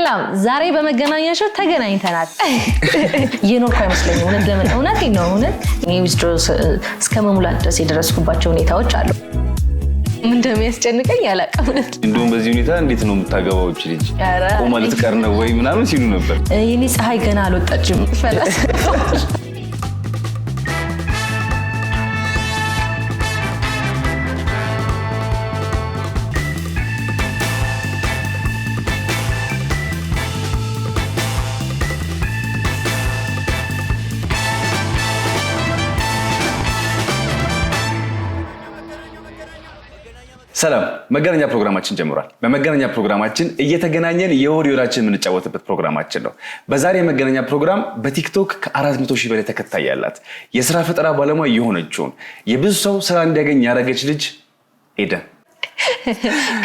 ሰላም፣ ዛሬ በመገናኛቸው ተገናኝተናል። የኖርኩ አይመስለኝም። እውነት ለምን እውነት ነው እውነት እኔ እስከ መሙላት ድረስ የደረስኩባቸው ሁኔታዎች አሉ። ምን እንደሚያስጨንቀኝ አላውቅም። እንደውም በዚህ ሁኔታ እንዴት ነው የምታገባዎች ልጅ ቆማ ልትቀር ነው ወይ ምናምን ሲሉ ነበር። የኔ ፀሐይ ገና አልወጣችም። ፈላስ ሰላም መገናኛ ፕሮግራማችን ጀምሯል። በመገናኛ ፕሮግራማችን እየተገናኘን የሆድ የምንጫወትበት ፕሮግራማችን ነው። በዛሬ የመገናኛ ፕሮግራም በቲክቶክ ከአራት 400 ሺህ በላይ ተከታይ ያላት የስራ ፈጠራ ባለሙያ የሆነችውን የብዙ ሰው ስራ እንዲያገኝ ያደረገች ልጅ ሄደ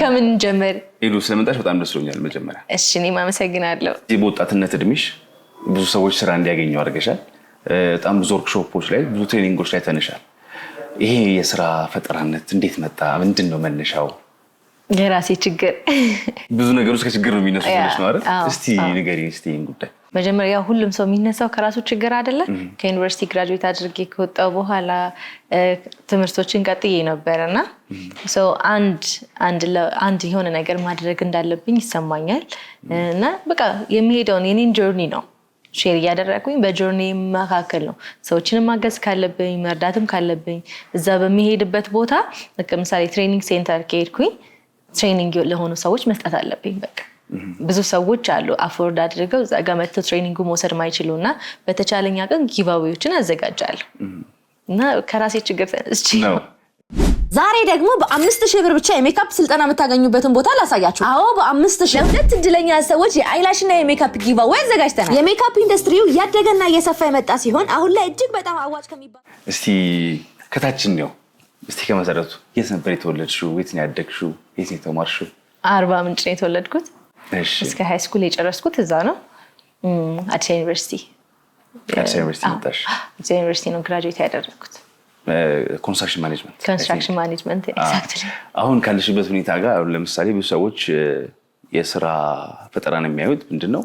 ከምን ጀመር ሄዱ ስለመጣሽ በጣም ደስ ሎኛል መጀመሪያ እሺ፣ እኔም አመሰግናለሁ። በወጣትነት እድሜሽ ብዙ ሰዎች ስራ እንዲያገኙ አድርገሻል። በጣም ብዙ ወርክሾፖች ላይ ብዙ ትሬኒንጎች ላይ ተንሻል። ይሄ የስራ ፈጠራነት እንዴት መጣ? ምንድን ነው መነሻው? የራሴ ችግር ብዙ ነገሮች ከችግር ነው የሚነሱ ነው አይደል? እስቲ ንገሪኝ እስቲ ጉዳይ። መጀመሪያ ሁሉም ሰው የሚነሳው ከራሱ ችግር አይደለ? ከዩኒቨርሲቲ ግራጁዌት አድርጌ ከወጣው በኋላ ትምህርቶችን ቀጥዬ ነበረ እና አንድ የሆነ ነገር ማድረግ እንዳለብኝ ይሰማኛል እና በቃ የሚሄደውን የኔን ጆርኒ ነው ሼር እያደረግኩኝ በጆርኒ መካከል ነው ሰዎችን ማገዝ ካለብኝ መርዳትም ካለብኝ እዛ በሚሄድበት ቦታ ምሳሌ ትሬኒንግ ሴንተር ከሄድኩኝ ትሬኒንግ ለሆኑ ሰዎች መስጠት አለብኝ። በቃ ብዙ ሰዎች አሉ አፎርድ አድርገው እዛ ጋ መጥተው ትሬኒንጉ መውሰድ ማይችሉ እና በተቻለኛ ቀን ጊቫዌዎችን አዘጋጃለሁ እና ከራሴ ችግር ነው ዛሬ ደግሞ በአምስት ሺህ ብር ብቻ የሜካፕ ስልጠና የምታገኙበትን ቦታ ላሳያችሁ። አዎ በአምስት ሺህ ለሁለት እድለኛ ሰዎች የአይላሽና የሜካፕ ጊቫ ወይ አዘጋጅተናል። የሜካፕ ኢንዱስትሪው እያደገና እየሰፋ የመጣ ሲሆን አሁን ላይ እጅግ በጣም አዋጭ ከሚባል እስቲ ከታችን ነው እስቲ ከመሰረቱ የት ነበር የተወለድሽው? የት ነው ያደግሽው? የት ነው የተማርሽው? አርባ ምንጭ ነው የተወለድኩት። እስከ ሀይ ስኩል የጨረስኩት እዛ ነው። አዲስ ዩኒቨርሲቲ አዲስ ዩኒቨርሲቲ ነው ግራጁዌት ያደረግኩት ኮንስትራክሽን ማኔጅመንት ኮንስትራክሽን ማኔጅመንት አሁን ካለሽበት ሁኔታ ጋር አሁን ለምሳሌ ብዙ ሰዎች የስራ ፈጠራን የሚያዩት ምንድን ነው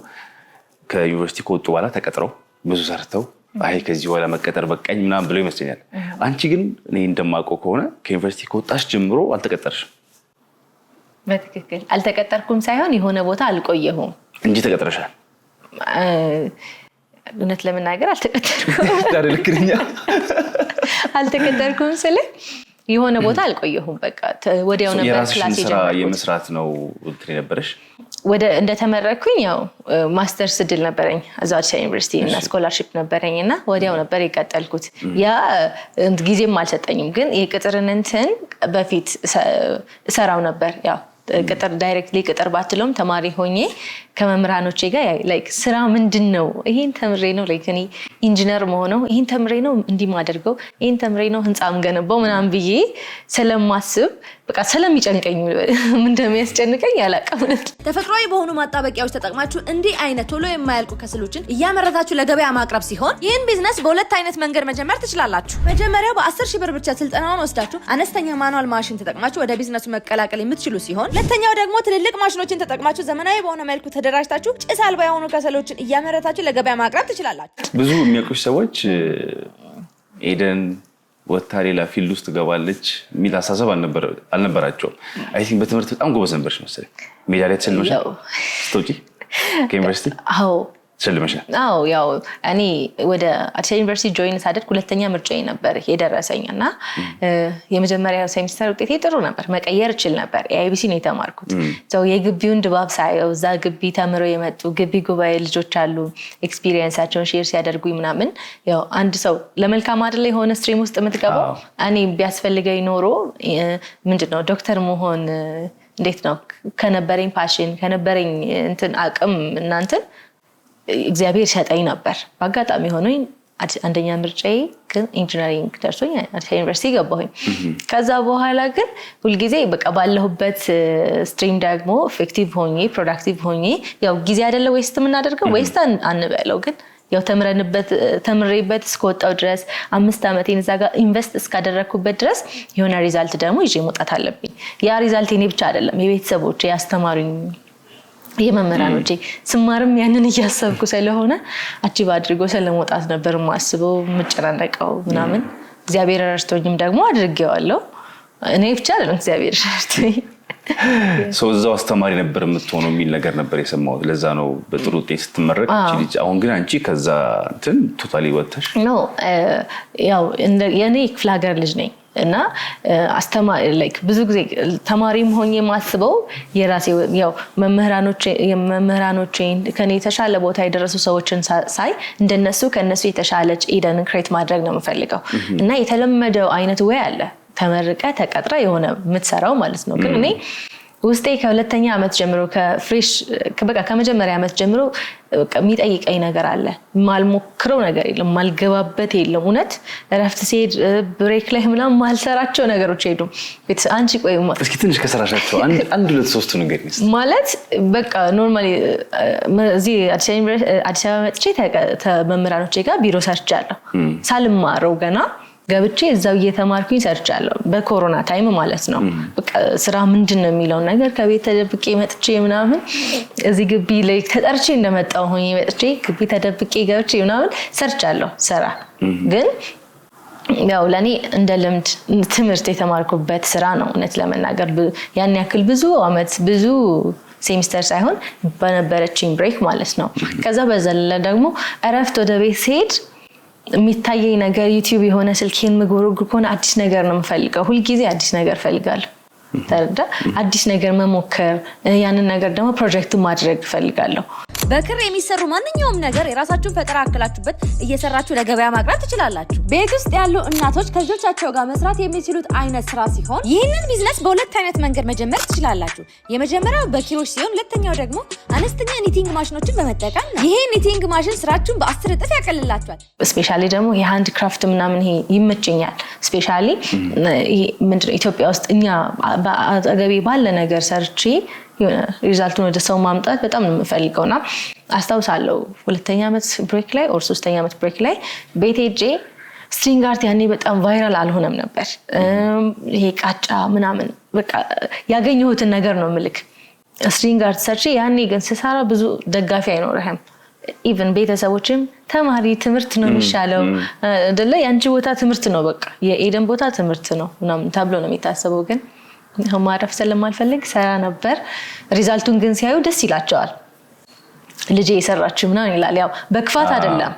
ከዩኒቨርሲቲ ከወጡ በኋላ ተቀጥረው ብዙ ሰርተው አይ ከዚህ በኋላ መቀጠር በቃኝ ምናምን ብለው ይመስለኛል። አንቺ ግን እኔ እንደማውቀው ከሆነ ከዩኒቨርሲቲ ከወጣሽ ጀምሮ አልተቀጠርሽም። በትክክል አልተቀጠርኩም ሳይሆን የሆነ ቦታ አልቆየሁም እንጂ ተቀጥረሻል። እውነት ለመናገር አልተቀጠርኩም። ልክ አልተቀጠርኩም ስል የሆነ ቦታ አልቆየሁም። በቃ ወዲያው ነበር የመስራት ነው እንትን የነበረሽ። ወደ እንደተመረኩኝ ያው ማስተርስ እድል ነበረኝ እዛ አዲስ አበባ ዩኒቨርሲቲ እና ስኮላርሽፕ ነበረኝ እና ወዲያው ነበር የቀጠልኩት። ያ ጊዜም አልሰጠኝም፣ ግን የቅጥርን እንትን በፊት እሰራው ነበር ያው ቅጥር ዳይሬክትሊ ቅጥር ባትለውም ተማሪ ሆኜ ከመምህራኖቼ ጋር ስራ ምንድን ነው? ይህን ተምሬ ነው እኔ ኢንጂነር መሆነው፣ ይህን ተምሬ ነው እንዲህ ማደርገው፣ ይህን ተምሬ ነው ህንፃ ምገነባው ምናምን ብዬ ስለማስብ በቃ ስለሚጨንቀኝ እንደሚያስጨንቀኝ አላውቅም። ተፈጥሯዊ በሆኑ ማጣበቂያዎች ተጠቅማችሁ እንዲህ አይነት ቶሎ የማያልቁ ከሰሎችን እያመረታችሁ ለገበያ ማቅረብ ሲሆን ይህን ቢዝነስ በሁለት አይነት መንገድ መጀመር ትችላላችሁ። መጀመሪያው በ10 ሺህ ብር ብቻ ስልጠናውን ወስዳችሁ አነስተኛ ማኑዋል ማሽን ተጠቅማችሁ ወደ ቢዝነሱ መቀላቀል የምትችሉ ሲሆን፣ ሁለተኛው ደግሞ ትልልቅ ማሽኖችን ተጠቅማችሁ ዘመናዊ በሆነ መልኩ ተደራጅታችሁ ጭስ አልባ የሆኑ ከሰሎችን እያመረታችሁ ለገበያ ማቅረብ ትችላላችሁ። ብዙ የሚያውቁሽ ሰዎች ኤደን ወታ ሌላ ፊልድ ውስጥ ገባለች የሚል አሳሰብ አልነበራቸውም። አይ ቲንክ በትምህርት በጣም ጎበዝ ነበርሽ መሰለኝ። ሜዳሊያ ተሸልመሻል ስትወጪ ከዩኒቨርሲቲ? አዎ ስልምሽ ነው። ያው እኔ ወደ አዲስ ዩኒቨርሲቲ ጆይን ሳደድ ሁለተኛ ምርጫ ነበር የደረሰኝ እና የመጀመሪያ ሴሚስተር ውጤቴ ጥሩ ነበር። መቀየር እችል ነበር። የአይቢሲ ነው የተማርኩት። የግቢውን ድባብ ሳየው እዛ ግቢ ተምረው የመጡ ግቢ ጉባኤ ልጆች አሉ። ኤክስፒሪየንሳቸውን ሼር ሲያደርጉ ምናምን ያው አንድ ሰው ለመልካም አደለ የሆነ ስትሪም ውስጥ የምትገባው እኔ ቢያስፈልገኝ ኖሮ ምንድን ነው ዶክተር መሆን እንዴት ነው ከነበረኝ ፓሽን ከነበረኝ እንትን አቅም እናንትን እግዚአብሔር ሸጠኝ ነበር። በአጋጣሚ ሆኖኝ አንደኛ ምርጫዬ ግን ኢንጂነሪንግ ደርሶኝ አዲስ ዩኒቨርሲቲ ገባሁኝ። ከዛ በኋላ ግን ሁልጊዜ በቃ ባለሁበት ስትሪም ደግሞ ኢፌክቲቭ ሆኜ ፕሮዳክቲቭ ሆኜ ያው ጊዜ አደለ ዌስት የምናደርገው ዌስት አንበለው ግን ያው ተምረንበት ተምሬበት እስከወጣው ድረስ አምስት ዓመት ዛ ጋር ኢንቨስት እስካደረግኩበት ድረስ የሆነ ሪዛልት ደግሞ ይዤ መውጣት አለብኝ። ያ ሪዛልት ኔ ብቻ አይደለም የቤተሰቦች ያስተማሩኝ የመምህራኖቼ ስማርም ያንን እያሰብኩ ስለሆነ አጅብ አድርጎ ስለመውጣት ነበር የማስበው የምጨናነቀው ምናምን። እግዚአብሔር ረድቶኝም ደግሞ አድርጌዋለው እኔ ብቻ ለ እግዚአብሔር ረድቶኝ ሰው እዛው አስተማሪ ነበር የምትሆነው የሚል ነገር ነበር የሰማሁት። ለዛ ነው በጥሩ ውጤት ስትመረቅ አሁን ግን አንቺ ከዛ እንትን ቶታሊ ያው የእኔ ክፍለ ሀገር ልጅ ነኝ እና አስተማሪ ብዙ ጊዜ ተማሪም ሆኜ የማስበው የራሴ ያው መምህራኖቼን ከኔ የተሻለ ቦታ የደረሱ ሰዎችን ሳይ እንደነሱ ከነሱ የተሻለች ኢደንን ክሬት ማድረግ ነው የምፈልገው እና የተለመደው አይነት ወይ አለ ተመርቀ ተቀጥረ የሆነ የምትሰራው ማለት ነው ግን እኔ ውስጤ ከሁለተኛ ዓመት ጀምሮ ከፍሬሽ በቃ ከመጀመሪያ ዓመት ጀምሮ የሚጠይቀኝ ነገር አለ። ማልሞክረው ነገር የለም፣ ማልገባበት የለም። እውነት እረፍት ሲሄድ ብሬክ ላይ ምናምን ማልሰራቸው ነገሮች የሉም። አንቺ ቆይ እስኪ ትንሽ ከሰራሻቸው አንድ ሁለት ሶስቱ ነገር ማለት በቃ ኖርማሊ እዚህ አዲስ አበባ መጥቼ ከመምህራኖቼ ጋር ቢሮ ሰርቻለሁ ሳልማረው ገና ገብቼ እዛው እየተማርኩኝ ሰርቻለሁ። በኮሮና ታይም ማለት ነው። ስራ ምንድን ነው የሚለውን ነገር ከቤት ተደብቄ መጥቼ ምናምን እዚህ ግቢ ላይ ተጠርቼ እንደመጣሁ ሆኜ መጥቼ ግቢ ተደብቄ ገብቼ ምናምን ሰርቻለሁ። ስራ ግን ያው ለእኔ እንደ ልምድ ትምህርት የተማርኩበት ስራ ነው። እውነት ለመናገር ያን ያክል ብዙ አመት ብዙ ሴሚስተር ሳይሆን በነበረችኝ ብሬክ ማለት ነው። ከዛ በዘለለ ደግሞ እረፍት ወደ ቤት ስሄድ የሚታየኝ ነገር ዩቲዩብ የሆነ ስልኬን ምጎረጉር ከሆነ አዲስ ነገር ነው የምፈልገው። ሁልጊዜ አዲስ ነገር ፈልጋለሁ። ተረዳ አዲስ ነገር መሞከር ያንን ነገር ደግሞ ፕሮጀክቱ ማድረግ እፈልጋለሁ። በክር የሚሰሩ ማንኛውም ነገር የራሳችሁን ፈጠራ አክላችሁበት እየሰራችሁ ለገበያ ማቅረብ ትችላላችሁ። ቤት ውስጥ ያሉ እናቶች ከልጆቻቸው ጋር መስራት የሚችሉት አይነት ስራ ሲሆን ይህንን ቢዝነስ በሁለት አይነት መንገድ መጀመር ትችላላችሁ። የመጀመሪያው በኪሮች ሲሆን ሁለተኛው ደግሞ አነስተኛ ኒቲንግ ማሽኖችን በመጠቀም ነው። ይሄ ኒቲንግ ማሽን ስራችሁን በአስር እጥፍ ያቀልላችኋል። ስፔሻሊ ደግሞ የሃንድ ክራፍት ምናምን ይመችኛል። ስፔሻሊ ኢትዮጵያ ውስጥ እኛ በአጠገቤ ባለ ነገር ሰርቼ ሪዛልቱን ወደ ሰው ማምጣት በጣም ነው ና አስታውሳለሁ ሁለተኛ ዓመት ብሬክ ላይ ኦር ሶስተኛ ዓመት ብሬክ ላይ ቤቴጄ ስትሪንግ አርት ያኔ በጣም ቫይራል አልሆነም ነበር። ይሄ ቃጫ ምናምን በቃ ያገኘሁትን ነገር ነው ምልክ ስትሪንግ አርት ሰርቼ። ያኔ ግን ስሰራ ብዙ ደጋፊ አይኖርህም። ኢቨን ቤተሰቦችም ተማሪ ትምህርት ነው የሚሻለው አይደለ? የአንቺ ቦታ ትምህርት ነው፣ በቃ የኤደን ቦታ ትምህርት ነው ምናምን ተብሎ ነው የሚታሰበው ግን ማረፍ ስለማልፈልግ ሰራ ነበር። ሪዛልቱን ግን ሲያዩ ደስ ይላቸዋል። ልጄ የሰራችው ምናምን ይላል። ያው በክፋት አይደለም፣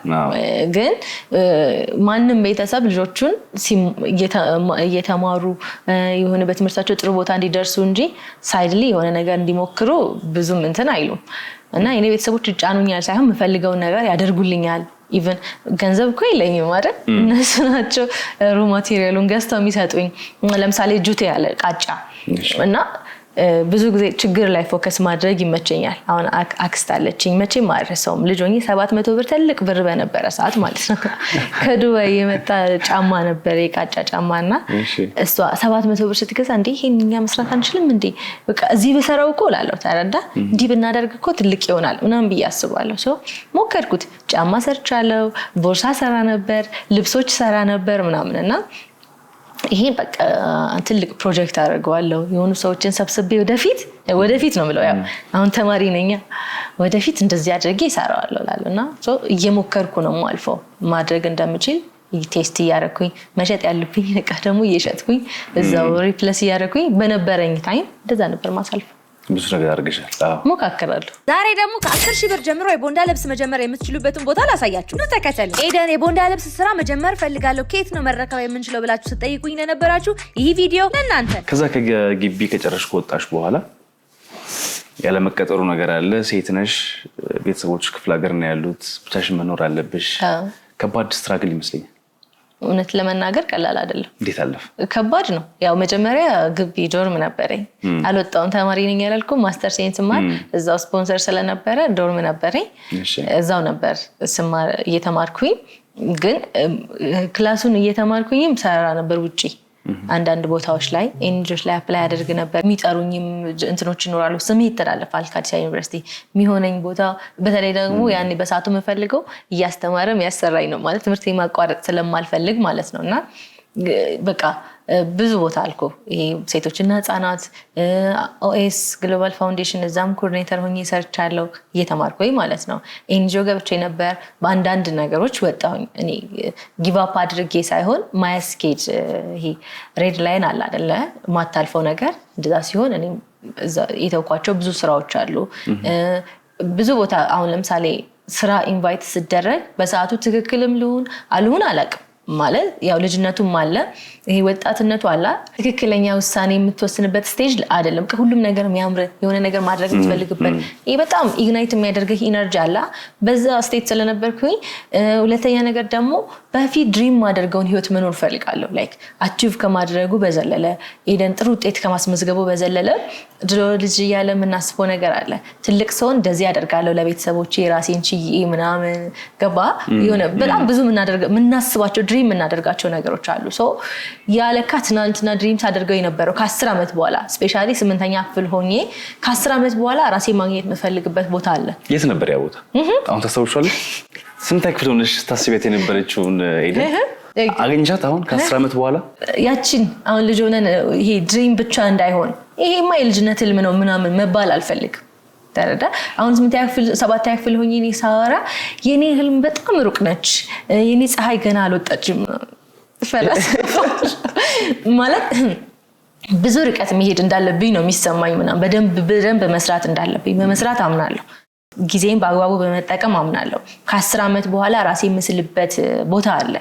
ግን ማንም ቤተሰብ ልጆቹን እየተማሩ የሆነ በትምህርታቸው ጥሩ ቦታ እንዲደርሱ እንጂ ሳይድሊ የሆነ ነገር እንዲሞክሩ ብዙም እንትን አይሉም እና የኔ ቤተሰቦች ጫኑኛል ሳይሆን የምፈልገውን ነገር ያደርጉልኛል ኢቨን ገንዘብ እኮ የለኝም አይደል? እነሱ ናቸው ሮ ማቴሪያሉን ገዝተው የሚሰጡኝ። ለምሳሌ ጁቴ ያለ ቃጫ እና ብዙ ጊዜ ችግር ላይ ፎከስ ማድረግ ይመቸኛል። አሁን አክስት አለችኝ መቼም አልረሳውም። ልጆ ሰባት መቶ ብር ትልቅ ብር በነበረ ሰዓት ማለት ነው ከዱባይ የመጣ ጫማ ነበር የቃጫ ጫማ እና እሷ ሰባት መቶ ብር ስትገዛ እንዴ ይሄን መስራት አንችልም እንዲ እዚህ ብሰራው እኮ ላለው ተረዳ እንዲህ ብናደርግ እኮ ትልቅ ይሆናል ምናምን ብዬ አስባለሁ። ሞከርኩት። ጫማ ሰርቻለው፣ ቦርሳ ሰራ ነበር፣ ልብሶች ሰራ ነበር ምናምን እና ይሄን በቃ ትልቅ ፕሮጀክት አደርገዋለሁ። የሆኑ ሰዎችን ሰብስቤ ወደፊት ወደፊት ነው ብለው ያው አሁን ተማሪ ነኛ ወደፊት እንደዚህ አድርጌ ይሰራዋለሁ ላሉ እና እየሞከርኩ ነው አልፎ ማድረግ እንደምችል ቴስት እያደረግኩኝ መሸጥ ያለብኝ እቃ ደግሞ እየሸጥኩኝ እዛው ሪፕለስ እያደረግኩኝ በነበረኝ ታይም እንደዛ ነበር ማሳልፈው። ብዙ ነገር አድርገሻል። ሞካከላሉ። ዛሬ ደግሞ ከአስር ሺህ ብር ጀምሮ የቦንዳ ልብስ መጀመር የምትችሉበትን ቦታ ላሳያችሁ። ኑ ተከተል። ኤደን የቦንዳ ልብስ ስራ መጀመር ፈልጋለሁ፣ ከየት ነው መረከብ የምንችለው ብላችሁ ስጠይቁኝ የነበራችሁ ይህ ቪዲዮ ለእናንተ። ከዛ ከግቢ ከጨረሽ ከወጣሽ በኋላ ያለመቀጠሩ ነገር አለ። ሴት ነሽ፣ ቤተሰቦች ክፍለ ሀገር ነው ያሉት፣ ብቻሽን መኖር አለብሽ። ከባድ ስትራግል ይመስለኛል። እውነት ለመናገር ቀላል አይደለም። እንዴት አለፍ ከባድ ነው። ያው መጀመሪያ ግቢ ዶርም ነበረኝ፣ አልወጣሁም። ተማሪ ነኝ ያላልኩም ማስተር ሴን ስማር እዛው ስፖንሰር ስለነበረ ዶርም ነበረኝ። እዛው ነበር ስማር እየተማርኩኝ፣ ግን ክላሱን እየተማርኩኝም ሰራ ነበር ውጪ አንዳንድ ቦታዎች ላይ ኤንጂኦች ላይ አፕላይ ያደርግ ነበር። የሚጠሩኝም እንትኖች ይኖራሉ። ስሜ ይተላለፋል ከአዲስ ዩኒቨርሲቲ የሚሆነኝ ቦታ። በተለይ ደግሞ ያኔ በሰዓቱ የምፈልገው እያስተማረ ያሰራኝ ነው ማለት ትምህርት ማቋረጥ ስለማልፈልግ ማለት ነው እና በቃ ብዙ ቦታ አልኩ ይሄ ሴቶችና ህፃናት ኦኤስ ግሎባል ፋውንዴሽን እዛም ኮኦርዲኔተር ሆኜ ሰርቻለሁ እየተማርኩ ማለት ነው። ኤንጂኦ ገብቼ ነበር። በአንዳንድ ነገሮች ወጣሁኝ። እኔ ጊቫፕ አድርጌ ሳይሆን ማያስኬድ ይሄ ሬድ ላይን አለ አይደለ? የማታልፈው ነገር እንደዛ ሲሆን እኔ የተውኳቸው ብዙ ስራዎች አሉ። ብዙ ቦታ አሁን ለምሳሌ ስራ ኢንቫይት ስደረግ በሰዓቱ ትክክልም ልሁን አልሁን አላውቅም ማለት ያው ልጅነቱም አለ ይሄ ወጣትነቱ አላ ትክክለኛ ውሳኔ የምትወስንበት ስቴጅ አይደለም። ከሁሉም ነገር የሚያምር የሆነ ነገር ማድረግ የምትፈልግበት ይህ በጣም ኢግናይት የሚያደርግህ ኢነርጂ አላ። በዛ ስቴት ስለነበርኩኝ፣ ሁለተኛ ነገር ደግሞ በፊት ድሪም ማደርገውን ህይወት መኖር ፈልጋለሁ። ላይክ አቺቭ ከማድረጉ በዘለለ ኤደን ጥሩ ውጤት ከማስመዝገቡ በዘለለ ድሮ ልጅ እያለ የምናስበው ነገር አለ። ትልቅ ሰውን እንደዚህ ያደርጋለሁ ለቤተሰቦች ራሴን ችዬ ምናምን ገባ የሆነ በጣም ብዙ የምናስባቸው ድሪም የምናደርጋቸው ነገሮች አሉ። ያለካ ትናንትና ድሪም ሳደርገው የነበረው ከአስር ዓመት በኋላ ስፔሻሊ ስምንተኛ ክፍል ሆኜ ከአስር ዓመት በኋላ ራሴ ማግኘት የምፈልግበት ቦታ አለ። የት ነበር ያ ቦታ? አሁን ታስታውሻለሽ? ስንት ክፍል ሆነሽ ስታስቢያት የነበረችውን ሄደ አገኝቻት አሁን ከአስር ዓመት በኋላ ያቺን አሁን ልጅ ሆነን ይሄ ድሪም ብቻ እንዳይሆን ይሄማ የልጅነት ህልም ነው ምናምን መባል አልፈልግም። ተረዳ። አሁን ስምንተኛ ክፍል ሰባተኛ ክፍል ሆኜ እኔ ሳወራ የኔ ህልም በጣም ሩቅ ነች፣ የኔ ፀሐይ ገና አልወጣችም ማለት ብዙ ርቀት መሄድ እንዳለብኝ ነው የሚሰማኝ። ምናምን በደንብ መስራት እንዳለብኝ በመስራት አምናለሁ። ጊዜን በአግባቡ በመጠቀም አምናለሁ። ከአስር ዓመት በኋላ ራሴ የምስልበት ቦታ አለ።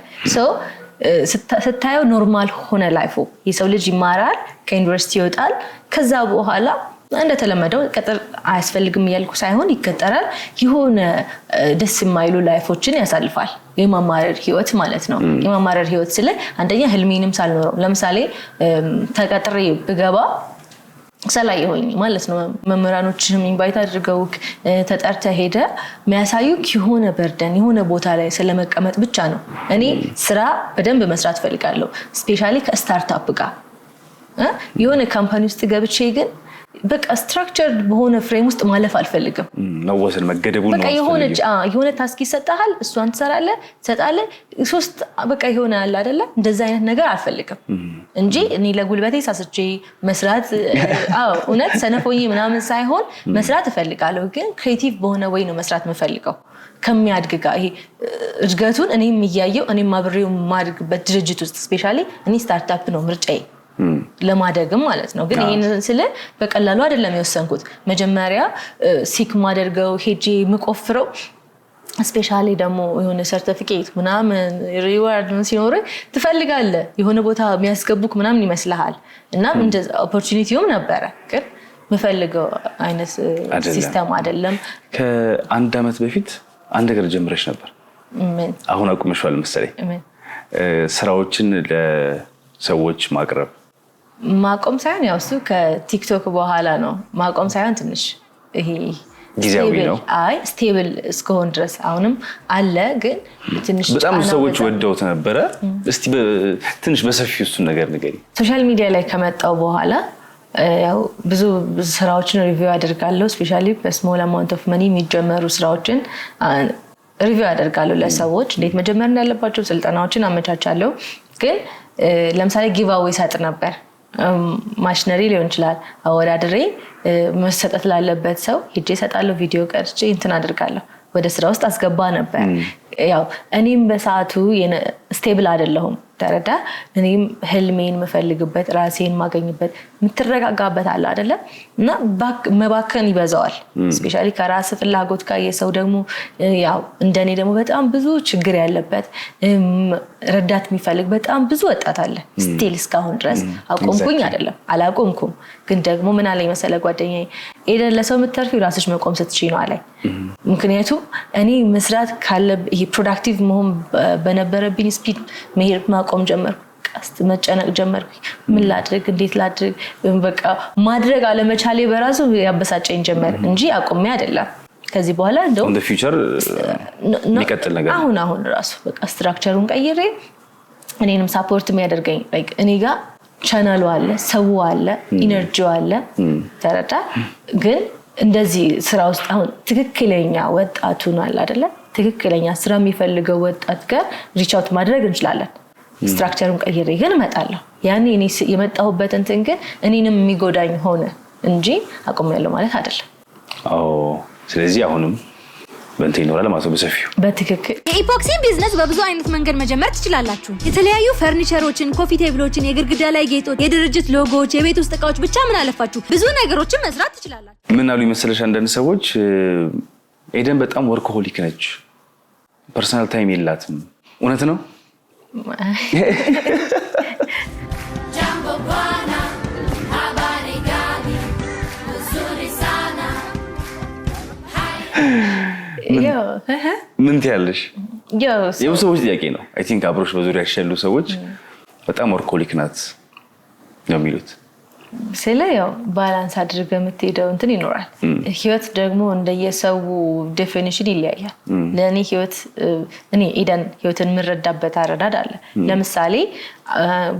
ስታየው ኖርማል ሆነ ላይፎ። የሰው ልጅ ይማራል፣ ከዩኒቨርሲቲ ይወጣል። ከዛ በኋላ እንደተለመደው ቅጥር አያስፈልግም እያልኩ ሳይሆን ይቀጠራል። የሆነ ደስ የማይሉ ላይፎችን ያሳልፋል። የማማረር ህይወት ማለት ነው። የማማረር ህይወት ስለ አንደኛ ህልሜንም ሳልኖረው ለምሳሌ ተቀጥሬ ብገባ ሰላይ ሆኝ ማለት ነው። መምህራኖችም ኢንቫይት አድርገው ተጠርተ ሄደ የሚያሳዩክ የሆነ በርደን የሆነ ቦታ ላይ ስለመቀመጥ ብቻ ነው። እኔ ስራ በደንብ መስራት ፈልጋለሁ፣ ስፔሻሊ ከስታርታፕ ጋር የሆነ ካምፓኒ ውስጥ ገብቼ ግን በቃ ስትራክቸር በሆነ ፍሬም ውስጥ ማለፍ አልፈልግም። መወሰን መገደቡ የሆነ ታስክ ይሰጣሃል፣ እሷን ትሰራለህ፣ ትሰጣለህ ሶስት በቃ የሆነ ያለ አይደለ እንደዚ አይነት ነገር አልፈልግም። እንጂ እኔ ለጉልበቴ ሳስቼ መስራት እውነት ሰነፎኝ ምናምን ሳይሆን መስራት እፈልጋለሁ፣ ግን ክሬቲቭ በሆነ ወይ ነው መስራት የምፈልገው ከሚያድግ ጋር ይሄ እድገቱን እኔም የሚያየው እኔ ማብሬው የማድግበት ድርጅት ውስጥ ስፔሻሊ እኔ ስታርታፕ ነው ምርጫዬ ለማደግም ማለት ነው። ግን ይህን ስለ በቀላሉ አይደለም የወሰንኩት። መጀመሪያ ሲክ ማደርገው ሄጄ የምቆፍረው ስፔሻሊ ደግሞ የሆነ ሰርተፊኬት ምናምን ሪዋርድ ሲኖር ትፈልጋለ የሆነ ቦታ የሚያስገቡክ ምናምን ይመስልሃል። እናም ኦፖርቹኒቲውም ነበረ ግን የምፈልገው አይነት ሲስተም አይደለም። ከአንድ ዓመት በፊት አንድ ነገር ጀምረች ነበር፣ አሁን አቁመሽዋል መሰለኝ። ስራዎችን ለሰዎች ማቅረብ ማቆም ሳይሆን ያው እሱ ከቲክቶክ በኋላ ነው። ማቆም ሳይሆን ትንሽ ይሄ ጊዜያዊ ነው። አይ ስቴብል እስከሆን ድረስ አሁንም አለ። ግን ትንሽ በጣም ሰዎች ወደውት ነበረ። እስቲ ትንሽ በሰፊው እሱን ነገር ንገሪ። ሶሻል ሚዲያ ላይ ከመጣው በኋላ ያው ብዙ ስራዎችን ሪቪው አደርጋለሁ። ስፔሻሊ በስሞል አማውንት ኦፍ መኒ የሚጀመሩ ስራዎችን ሪቪው አደርጋለሁ። ለሰዎች እንዴት መጀመር እንዳለባቸው ስልጠናዎችን አመቻቻለሁ። ግን ለምሳሌ ጊቫዌ ሰጥ ነበር ማሽነሪ ሊሆን ይችላል አወዳድሬ መሰጠት ላለበት ሰው ሄጄ እሰጣለሁ። ቪዲዮ ቀርጬ እንትን አድርጋለሁ ወደ ስራ ውስጥ አስገባ ነበር። ያው እኔም በሰዓቱ ስቴብል አይደለሁም ተረዳ። እኔም ህልሜን የምፈልግበት ራሴን ማገኝበት የምትረጋጋበት አለ አይደለም እና መባከን ይበዛዋል። እስፔሻሊ ከራስ ፍላጎት ጋር የሰው ደግሞ ያው እንደኔ ደግሞ በጣም ብዙ ችግር ያለበት ረዳት የሚፈልግ በጣም ብዙ ወጣት አለ። ስቲል እስካሁን ድረስ አቆምኩኝ አይደለም አላቆምኩም፣ ግን ደግሞ ምን አለኝ መሰለ ጓደኛ ኤደን ለሰው የምትተርፊው ራስሽ መቆም ስትች ነው አለኝ። ምክንያቱም እኔ መስራት ካለ ይሄ ፕሮዳክቲቭ መሆን በነበረብኝ ስፒድ መሄድ ማቆ ማቆም ጀመርኩ። ቀስት መጨነቅ ጀመርኩ። ምን ላድርግ፣ እንዴት ላድርግ? በቃ ማድረግ አለመቻሌ በራሱ ያበሳጨኝ ጀመር እንጂ አቁሜ አይደለም። ከዚህ በኋላ እንደውም የሚቀጥል ነገር አሁን አሁን ራሱ በቃ ስትራክቸሩን ቀይሬ እኔንም ሳፖርት የሚያደርገኝ እኔ ጋር ቻናሉ አለ፣ ሰው አለ፣ ኢነርጂ አለ። ተረዳ ግን እንደዚህ ስራ ውስጥ አሁን ትክክለኛ ወጣቱን አለ አደለ፣ ትክክለኛ ስራ የሚፈልገው ወጣት ጋር ሪቻውት ማድረግ እንችላለን። ስትራክቸሩን ቀይሬ ግን እመጣለሁ። ያኔ እኔ የመጣሁበት እንትን ግን እኔንም የሚጎዳኝ ሆነ እንጂ ያለው ማለት አይደለም። ስለዚህ አሁንም በንተ ይኖራል ማለት ነው። በሰፊው በትክክል የኢፖክሲን ቢዝነስ በብዙ አይነት መንገድ መጀመር ትችላላችሁ። የተለያዩ ፈርኒቸሮችን፣ ኮፊ ቴብሎችን፣ የግድግዳ ላይ ጌጦች፣ የድርጅት ሎጎዎች፣ የቤት ውስጥ እቃዎች ብቻ ምን አለፋችሁ ብዙ ነገሮችን መስራት ትችላላችሁ። ምን አሉ መሰለሽ አንዳንድ ሰዎች ኤደን በጣም ወርክሆሊክ ነች፣ ፐርሰናል ታይም የላትም። እውነት ነው። Jambo bwana, habari gani? Nzuri sana. ምን ትያለሽ? የብዙ ሰዎች ጥያቄ ነው። አይ ቲንክ አብሮሽ በዙሪያ ያሉ ሰዎች mm. በጣም ወርኮሊክ ናት ነው የሚሉት ስለ ያው ባላንስ አድርገ የምትሄደው እንትን ይኖራል። ህይወት ደግሞ እንደየሰው ዴፊኒሽን ይለያያል። ለእኔ ህይወት እኔ ኢደን ህይወትን የምረዳበት አረዳድ አለ። ለምሳሌ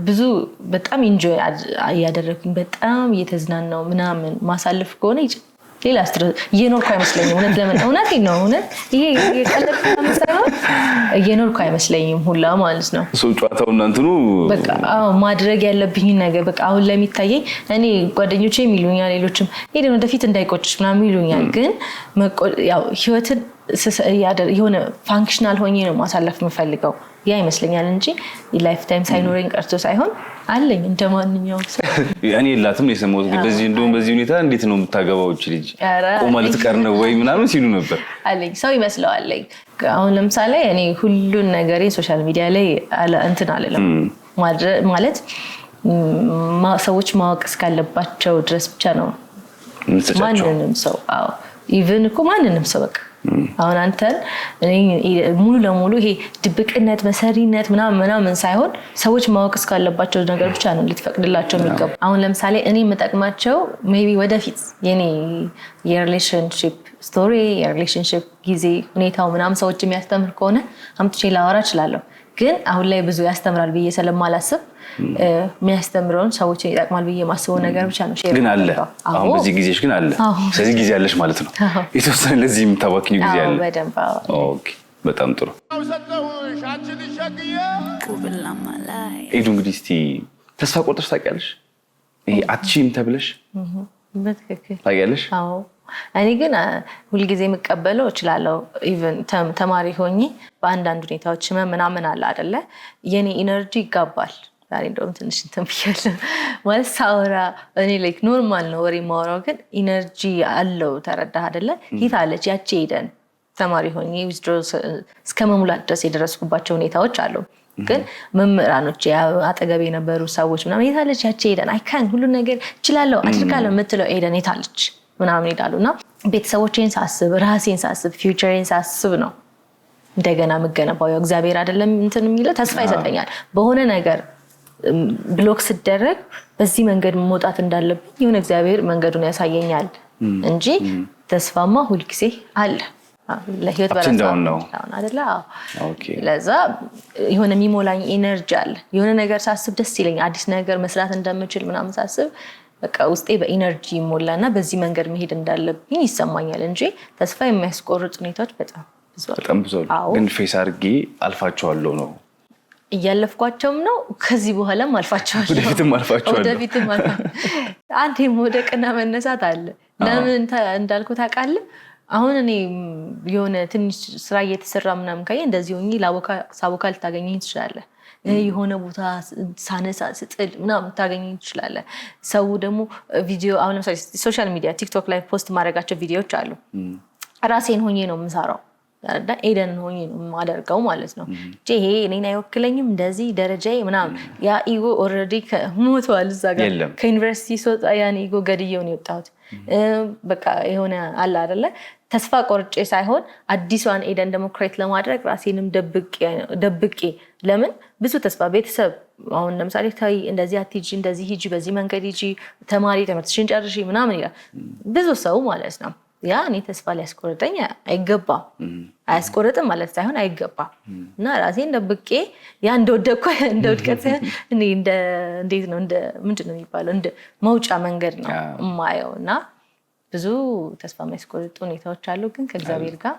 ብዙ በጣም ኢንጆይ እያደረግኩኝ በጣም እየተዝናናው ምናምን ማሳልፍ ከሆነ ሌላ እየኖርኩ አይመስለኝም። እውነት ለምን እውነት ነው እውነት ይሄ የቀለድ ሳይሆን እየኖርኩ አይመስለኝም ሁላ ማለት ነው። ጨዋታው እናንትኑ በቃ ማድረግ ያለብኝን ነገር በቃ አሁን ለሚታየኝ እኔ ጓደኞቼ ይሉኛል፣ ሌሎችም ይሄ ወደፊት እንዳይቆጭሽ ምናምን ይሉኛል። ግን ያው ህይወትን የሆነ ፋንክሽናል ሆኜ ነው ማሳለፍ የምፈልገው ያ ይመስለኛል እንጂ ላይፍ ታይም ሳይኖረኝ ቀርቶ ሳይሆን አለኝ እንደ ማንኛውም ሰው እኔ የላትም የሰማሁት በዚህ እንደውም በዚህ ሁኔታ እንዴት ነው የምታገባው እች ልጅ ቆማ ልትቀር ነው ወይ ምናምን ሲሉ ነበር አለኝ ሰው ይመስለው አለኝ አሁን ለምሳሌ እኔ ሁሉን ነገሬ ሶሻል ሚዲያ ላይ እንትን አልለም ማለት ሰዎች ማወቅ እስካለባቸው ድረስ ብቻ ነው ማንንም ሰው ኢቨን እኮ ማንንም ሰው በቃ አሁን አንተን ሙሉ ለሙሉ ይሄ ድብቅነት መሰሪነት ምናምን ምናምን ሳይሆን ሰዎች ማወቅ እስካለባቸው ነገር ብቻ ነው ልትፈቅድላቸው የሚገቡ። አሁን ለምሳሌ እኔ የምጠቅማቸው ሜይ ቢ ወደፊት የኔ የሪሌሽንሽፕ ስቶሪ የሪሌሽንሽፕ ጊዜ ሁኔታው ምናምን ሰዎች የሚያስተምር ከሆነ አምጥቼ ላወራ እችላለሁ። ግን አሁን ላይ ብዙ ያስተምራል ብዬ ስለማላስብ የሚያስተምረውን ሰዎችን ይጠቅማል ብዬ የማስበው ነገር ብቻ ነው። ግን አለ አሁን በዚህ ጊዜሽ ግን አለ። ስለዚህ ጊዜ አለሽ ማለት ነው። የተወሰነ ለዚህ የምታባክኝ ጊዜ አለ። በጣም ጥሩ ኤዱ። እንግዲህ እስኪ ተስፋ ቆርጠሽ ታውቂያለሽ? ይሄ አትችይም ተብለሽ ታውቂያለሽ? እኔ ግን ሁልጊዜ የምቀበለው እችላለሁ። ኢቨን ተማሪ ሆኜ በአንዳንድ ሁኔታዎች ህመም ምናምን አለ አደለ፣ የኔ ኢነርጂ ይጋባል። ዛሬ እንደውም ትንሽ እንትን ብያለሁ ማለት ሳወራ እኔ ላይክ ኖርማል ነው ወሬ ማወራው፣ ግን ኢነርጂ አለው። ተረዳህ አደለ? ሂት አለች ያቺ ሄደን ተማሪ ሆኜ ዊዝድሮ እስከ መሙላት ድረስ የደረስኩባቸው ሁኔታዎች አሉ። ግን መምህራኖች አጠገብ የነበሩ ሰዎች ምናምን የታለች ያቺ ሄደን አይካን ሁሉ ነገር እችላለሁ አድርጋለሁ የምትለው ሄደን የታለች ምናምን ይላሉ እና ቤተሰቦቼን ሳስብ ራሴን ሳስብ ፊውቸሬን ሳስብ ነው እንደገና የምገነባው። እግዚአብሔር አይደለም እንትን የሚለው ተስፋ ይሰጠኛል በሆነ ነገር ብሎክ ስደረግ በዚህ መንገድ መውጣት እንዳለብኝ የሆነ እግዚአብሔር መንገዱን ያሳየኛል እንጂ ተስፋማ ሁልጊዜ አለ። ለህይወት ለዛ የሆነ የሚሞላኝ ኤነርጂ አለ። የሆነ ነገር ሳስብ ደስ ይለኛል። አዲስ ነገር መስራት እንደምችል ምናምን ሳስብ በቃ ውስጤ በኢነርጂ ይሞላ እና በዚህ መንገድ መሄድ እንዳለብኝ ይሰማኛል እንጂ ተስፋ የሚያስቆርጥ ሁኔታዎች በጣም ብዙ በጣም ብዙ ግን ፌስ አድርጌ አልፋቸዋለሁ ነው እያለፍኳቸውም ነው። ከዚህ በኋላም አልፋቸዋለሁ፣ ወደፊትም አልፋቸዋለሁ፣ ወደፊትም መውደቅና መነሳት አለ። ለምን እንዳልኩ ታውቃለህ? አሁን እኔ የሆነ ትንሽ ስራ እየተሰራ ምናምን ካየህ እንደዚህ ሆኜ ሳቦካ ልታገኘኝ ትችላለህ። የሆነ ቦታ ሳነሳ ስጥል ምናምን ታገኝ ይችላለ። ሰው ደግሞ ቪዲዮ አሁን ለምሳሌ ሶሻል ሚዲያ ቲክቶክ ላይ ፖስት ማድረጋቸው ቪዲዮዎች አሉ። ራሴን ሆኜ ነው የምሰራው ኤደን ሆኜ ነው የማደርገው ማለት ነው ይሄ እኔን አይወክለኝም እንደዚህ ደረጃ ምናምን ያ ኢጎ ኦልሬዲ ሞተዋል። እዛ ጋር ከዩኒቨርሲቲ ስወጣ ያን ኢጎ ገድየውን የወጣሁት በቃ የሆነ አለ አደለ ተስፋ ቆርጬ ሳይሆን አዲሷን ኤደን ደግሞ ለማድረግ ራሴንም ደብቄ ለምን ብዙ ተስፋ ቤተሰብ አሁን ለምሳሌ ተይ እንደዚህ አትጂ እንደዚህ ሂጂ፣ በዚህ መንገድ ሂጂ፣ ተማሪ ትምህርትሽን ጨርሺ ምናምን ይላል ብዙ ሰው ማለት ነው። ያ እኔ ተስፋ ሊያስቆርጠኝ አይገባ አያስቆርጥም ማለት ሳይሆን አይገባ እና ራሴን ደብቄ ያ እንደወደቅኩ እንደ ውድቀት ሳይሆን እንዴት ነው ምንድን ነው የሚባለው መውጫ መንገድ ነው የማየው እና ብዙ ተስፋ የሚያስቆርጡ ሁኔታዎች አሉ፣ ግን ከእግዚአብሔር ጋር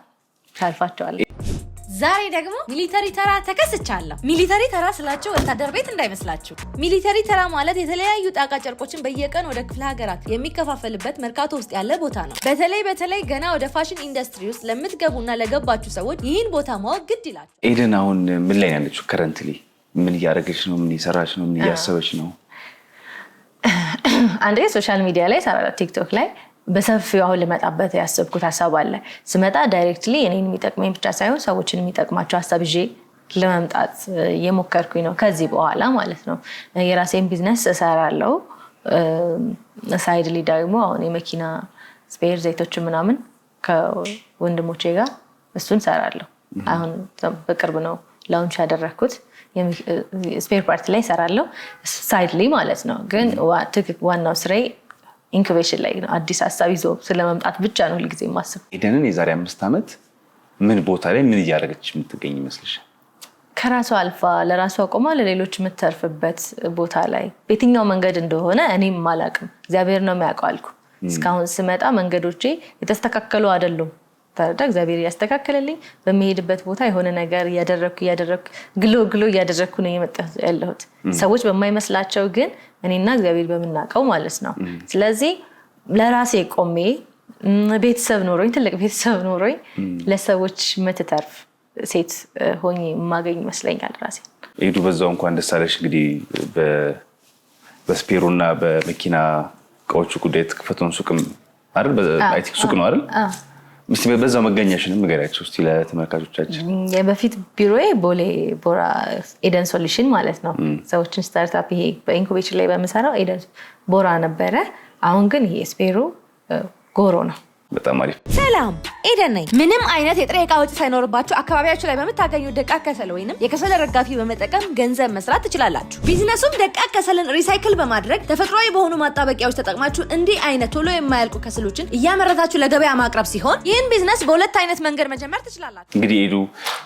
ታልፋቸዋለህ። ዛሬ ደግሞ ሚሊተሪ ተራ ተከስቻለሁ። ሚሊተሪ ተራ ስላቸው ወታደር ቤት እንዳይመስላችሁ። ሚሊተሪ ተራ ማለት የተለያዩ ጣቃ ጨርቆችን በየቀን ወደ ክፍለ ሀገራት የሚከፋፈልበት መርካቶ ውስጥ ያለ ቦታ ነው። በተለይ በተለይ ገና ወደ ፋሽን ኢንዱስትሪ ውስጥ ለምትገቡና ለገባችሁ ሰዎች ይህን ቦታ ማወቅ ግድ ይላል። ኤደን አሁን ምን ላይ ያለችው? ከረንትሊ ምን እያደረገች ነው? ምን እየሰራች ነው? ምን እያሰበች ነው? አንዴ ሶሻል ሚዲያ ላይ ሰራ ቲክቶክ ላይ በሰፊው አሁን ልመጣበት ያሰብኩት ሀሳብ አለ። ስመጣ ዳይሬክትሊ እኔን የሚጠቅመኝ ብቻ ሳይሆን ሰዎችን የሚጠቅማቸው ሀሳብ ይዤ ለመምጣት እየሞከርኩኝ ነው። ከዚህ በኋላ ማለት ነው የራሴን ቢዝነስ እሰራለሁ። ሳይድሊ ደግሞ አሁን የመኪና ስፔር ዘይቶችን ምናምን ከወንድሞቼ ጋር እሱን እሰራለሁ። አሁን በቅርብ ነው ላውንች ያደረግኩት። ስፔር ፓርቲ ላይ እሰራለሁ ሳይድሊ ማለት ነው። ግን ዋናው ስራዬ ኢንኩቤሽን ላይ ነው። አዲስ ሀሳብ ይዞ ስለመምጣት ብቻ ነው ሁልጊዜ ማስብ። ኤደንን የዛሬ አምስት ዓመት ምን ቦታ ላይ ምን እያደረገች የምትገኝ ይመስልሻል? ከራሷ አልፋ ለራሷ ቆማ ለሌሎች የምትተርፍበት ቦታ ላይ በየትኛው መንገድ እንደሆነ እኔም አላቅም፣ እግዚአብሔር ነው የሚያውቀው አልኩ። እስካሁን ስመጣ መንገዶቼ የተስተካከሉ አይደሉም። ተረዳ እግዚአብሔር እያስተካከለልኝ በሚሄድበት ቦታ የሆነ ነገር እያደረግኩ እያደረግኩ ግሎ ግሎ እያደረግኩ ነው የመጣሁት ያለሁት ሰዎች በማይመስላቸው ግን እኔና እግዚአብሔር በምናውቀው ማለት ነው። ስለዚህ ለራሴ ቆሜ ቤተሰብ ኖሮኝ ትልቅ ቤተሰብ ኖሮኝ ለሰዎች ምትተርፍ ሴት ሆኜ የማገኝ ይመስለኛል ራሴ። ሄዱ በዛው እንኳን ደሳለሽ እንግዲህ በስፔሩ እና በመኪና እቃዎቹ ጉዳይ ትክፈቱን ሱቅም አይደል ሱቅ ነው አይደል እስቲ በዛው መገኛሽንም ንገሪያቸው እስቲ ለተመልካቾቻችን። የበፊት ቢሮ ቦሌ ቦራ ኤደን ሶሉሽን ማለት ነው። ሰዎችን ስታርታፕ ይሄ በኢንኩቤሽን ላይ በምሰራው ኤደን ቦራ ነበረ። አሁን ግን ይሄ ስፔሩ ጎሮ ነው። በጣም አሪፍ። ሰላም ኤደን ነኝ። ምንም አይነት የጥሬ እቃ ወጪ ሳይኖርባችሁ አካባቢያችሁ ላይ በምታገኙ ደቃቅ ከሰል ወይንም የከሰል ረጋፊ በመጠቀም ገንዘብ መስራት ትችላላችሁ። ቢዝነሱም ደቃቅ ከሰልን ሪሳይክል በማድረግ ተፈጥሯዊ በሆኑ ማጣበቂያዎች ተጠቅማችሁ እንዲህ አይነት ቶሎ የማያልቁ ከሰሎችን እያመረታችሁ ለገበያ ማቅረብ ሲሆን ይህን ቢዝነስ በሁለት አይነት መንገድ መጀመር ትችላላችሁ። እንግዲህ ኤዱ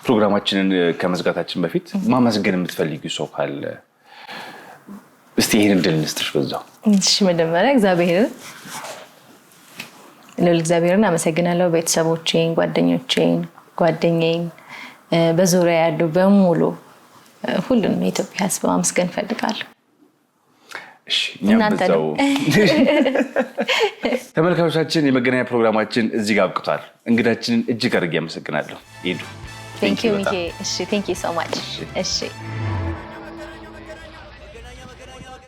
ፕሮግራማችንን ከመዝጋታችን በፊት ማመስገን የምትፈልጊው ሰው ካለ እስቲ ይህን እድል እንስጥሽ በዛው። እሺ መጀመሪያ እግዚአብሔርን ልል እግዚአብሔርን አመሰግናለሁ። ቤተሰቦቼን፣ ጓደኞቼን፣ ጓደኛዬን በዙሪያ ያሉ በሙሉ ሁሉንም የኢትዮጵያ ሕዝብ ማመስገን እፈልጋለሁ። ተመልካቾቻችን የመገናኛ ፕሮግራማችን እዚህ ጋር አብቅቷል። እንግዳችንን እጅግ አድርጌ አመሰግናለሁ። ዱ ቴንክ ዩ ሶ ማች። እሺ